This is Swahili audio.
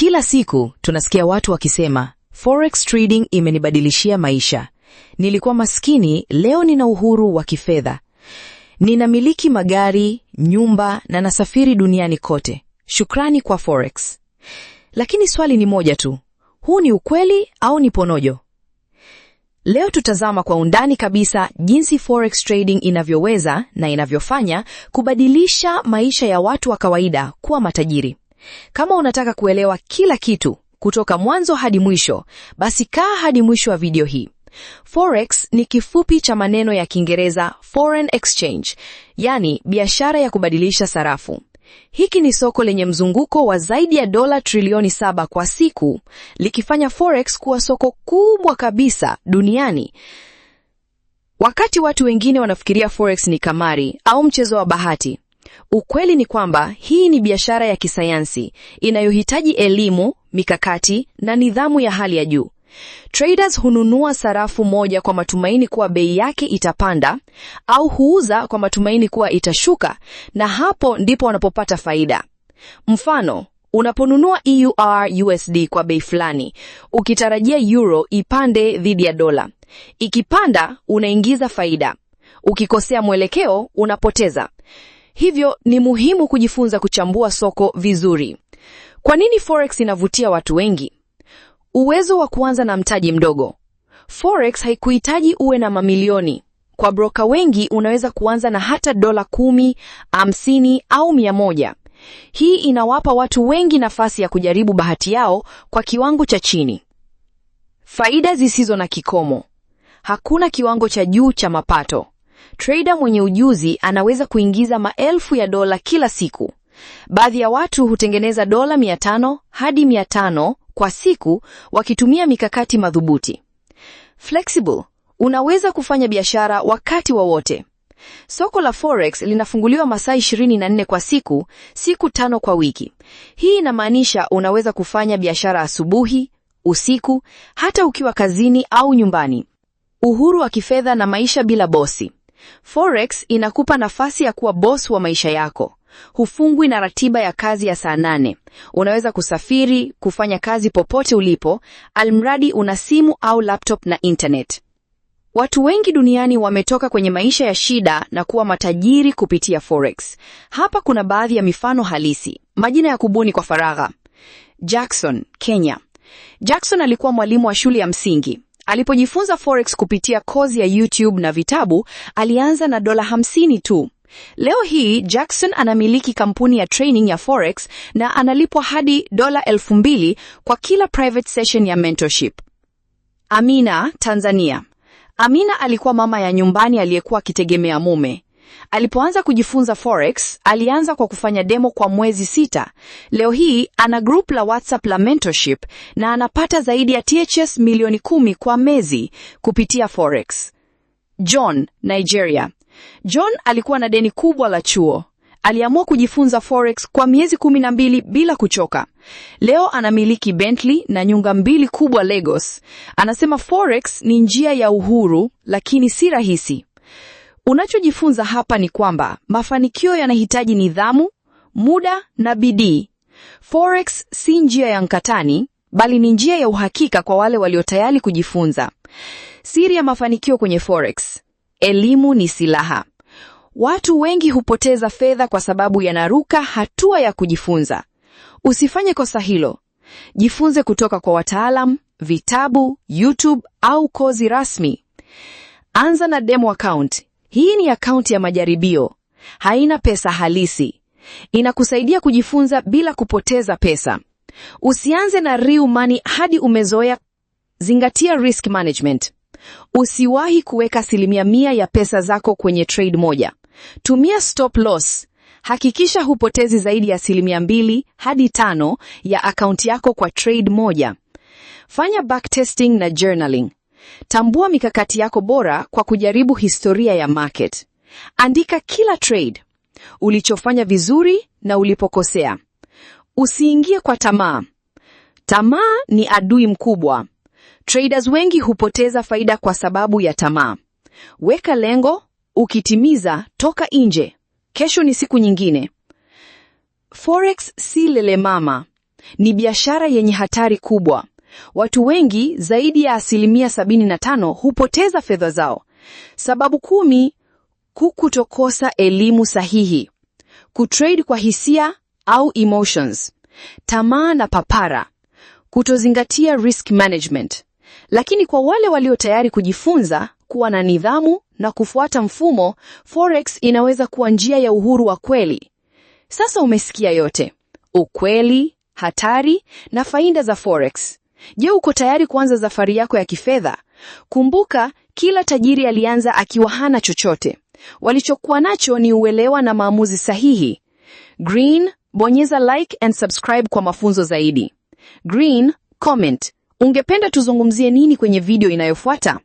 Kila siku tunasikia watu wakisema forex trading imenibadilishia maisha, nilikuwa maskini, leo nina uhuru wa kifedha, ninamiliki magari, nyumba na nasafiri duniani kote, shukrani kwa forex. Lakini swali ni moja tu, huu ni ukweli au ni ponojo? Leo tutazama kwa undani kabisa jinsi forex trading inavyoweza na inavyofanya kubadilisha maisha ya watu wa kawaida kuwa matajiri. Kama unataka kuelewa kila kitu kutoka mwanzo hadi mwisho, basi kaa hadi mwisho wa video hii. Forex ni kifupi cha maneno ya Kiingereza foreign exchange, yani biashara ya kubadilisha sarafu. Hiki ni soko lenye mzunguko wa zaidi ya dola trilioni saba kwa siku, likifanya forex kuwa soko kubwa kabisa duniani. Wakati watu wengine wanafikiria forex ni kamari au mchezo wa bahati, Ukweli ni kwamba hii ni biashara ya kisayansi inayohitaji elimu, mikakati na nidhamu ya hali ya juu. Traders hununua sarafu moja kwa matumaini kuwa bei yake itapanda au huuza kwa matumaini kuwa itashuka, na hapo ndipo wanapopata faida. Mfano, unaponunua EUR USD kwa bei fulani ukitarajia euro ipande dhidi ya dola. Ikipanda unaingiza faida, ukikosea mwelekeo unapoteza. Hivyo ni muhimu kujifunza kuchambua soko vizuri. Kwa nini forex inavutia watu wengi? Uwezo wa kuanza na mtaji mdogo. Forex haikuhitaji uwe na mamilioni. Kwa broka wengi unaweza kuanza na hata dola kumi, hamsini au mia moja. Hii inawapa watu wengi nafasi ya kujaribu bahati yao kwa kiwango cha chini. Faida zisizo na kikomo. Hakuna kiwango cha juu cha mapato. Trader mwenye ujuzi anaweza kuingiza maelfu ya dola kila siku. Baadhi ya watu hutengeneza dola 500 hadi 500 kwa siku wakitumia mikakati madhubuti. Flexible, unaweza kufanya biashara wakati wowote. soko la forex linafunguliwa masaa 24 kwa siku, siku tano kwa wiki. Hii inamaanisha unaweza kufanya biashara asubuhi, usiku, hata ukiwa kazini au nyumbani. Uhuru wa kifedha na maisha bila bosi. Forex inakupa nafasi ya kuwa boss wa maisha yako. Hufungwi na ratiba ya kazi ya saa nane. Unaweza kusafiri, kufanya kazi popote ulipo, almradi una simu au laptop na internet. Watu wengi duniani wametoka kwenye maisha ya shida na kuwa matajiri kupitia forex. Hapa kuna baadhi ya mifano halisi, majina ya kubuni kwa faragha. Jackson, Kenya. Jackson alikuwa mwalimu wa shule ya msingi. Alipojifunza forex kupitia kozi ya YouTube na vitabu, alianza na dola hamsini tu. Leo hii Jackson anamiliki kampuni ya training ya forex na analipwa hadi dola elfu mbili kwa kila private session ya mentorship. Amina, Tanzania. Amina alikuwa mama ya nyumbani aliyekuwa akitegemea mume. Alipoanza kujifunza forex, alianza kwa kufanya demo kwa mwezi sita. Leo hii ana group la WhatsApp la mentorship na anapata zaidi ya THS milioni kumi kwa mezi kupitia forex. John, Nigeria. John alikuwa na deni kubwa la chuo. Aliamua kujifunza forex kwa miezi kumi na mbili bila kuchoka. Leo anamiliki Bentley na nyumba mbili kubwa Lagos. Anasema forex ni njia ya uhuru, lakini si rahisi. Unachojifunza hapa ni kwamba mafanikio yanahitaji nidhamu, muda na bidii. Forex si njia ya mkatani, bali ni njia ya uhakika kwa wale walio tayari kujifunza. Siri ya mafanikio kwenye forex: elimu ni silaha. Watu wengi hupoteza fedha kwa sababu yanaruka hatua ya kujifunza. Usifanye kosa hilo. Jifunze kutoka kwa wataalam, vitabu, YouTube au kozi rasmi. Anza na demo account, hii ni akaunti ya majaribio, haina pesa halisi, inakusaidia kujifunza bila kupoteza pesa. Usianze na real money hadi umezoea. Zingatia risk management. Usiwahi kuweka asilimia mia ya pesa zako kwenye trade moja. Tumia stop loss. Hakikisha hupotezi zaidi ya asilimia mbili hadi tano ya akaunti yako kwa trade moja. Fanya backtesting na journaling. Tambua mikakati yako bora kwa kujaribu historia ya market. Andika kila trade, ulichofanya vizuri na ulipokosea. Usiingie kwa tamaa. Tamaa ni adui mkubwa. Traders wengi hupoteza faida kwa sababu ya tamaa. Weka lengo, ukitimiza toka nje. Kesho ni siku nyingine. Forex si lelemama, ni biashara yenye hatari kubwa. Watu wengi zaidi ya asilimia 75 hupoteza fedha zao. Sababu kumi kukutokosa elimu sahihi, kutrade kwa hisia au emotions, tamaa na papara, kutozingatia risk management. Lakini kwa wale walio tayari kujifunza, kuwa na nidhamu na kufuata mfumo, forex inaweza kuwa njia ya uhuru wa kweli. Sasa umesikia yote, ukweli, hatari na faida za forex. Je, uko tayari kuanza safari yako ya kifedha? Kumbuka, kila tajiri alianza akiwa hana chochote. Walichokuwa nacho ni uelewa na maamuzi sahihi. Green, bonyeza like and subscribe kwa mafunzo zaidi. Green, comment. Ungependa tuzungumzie nini kwenye video inayofuata?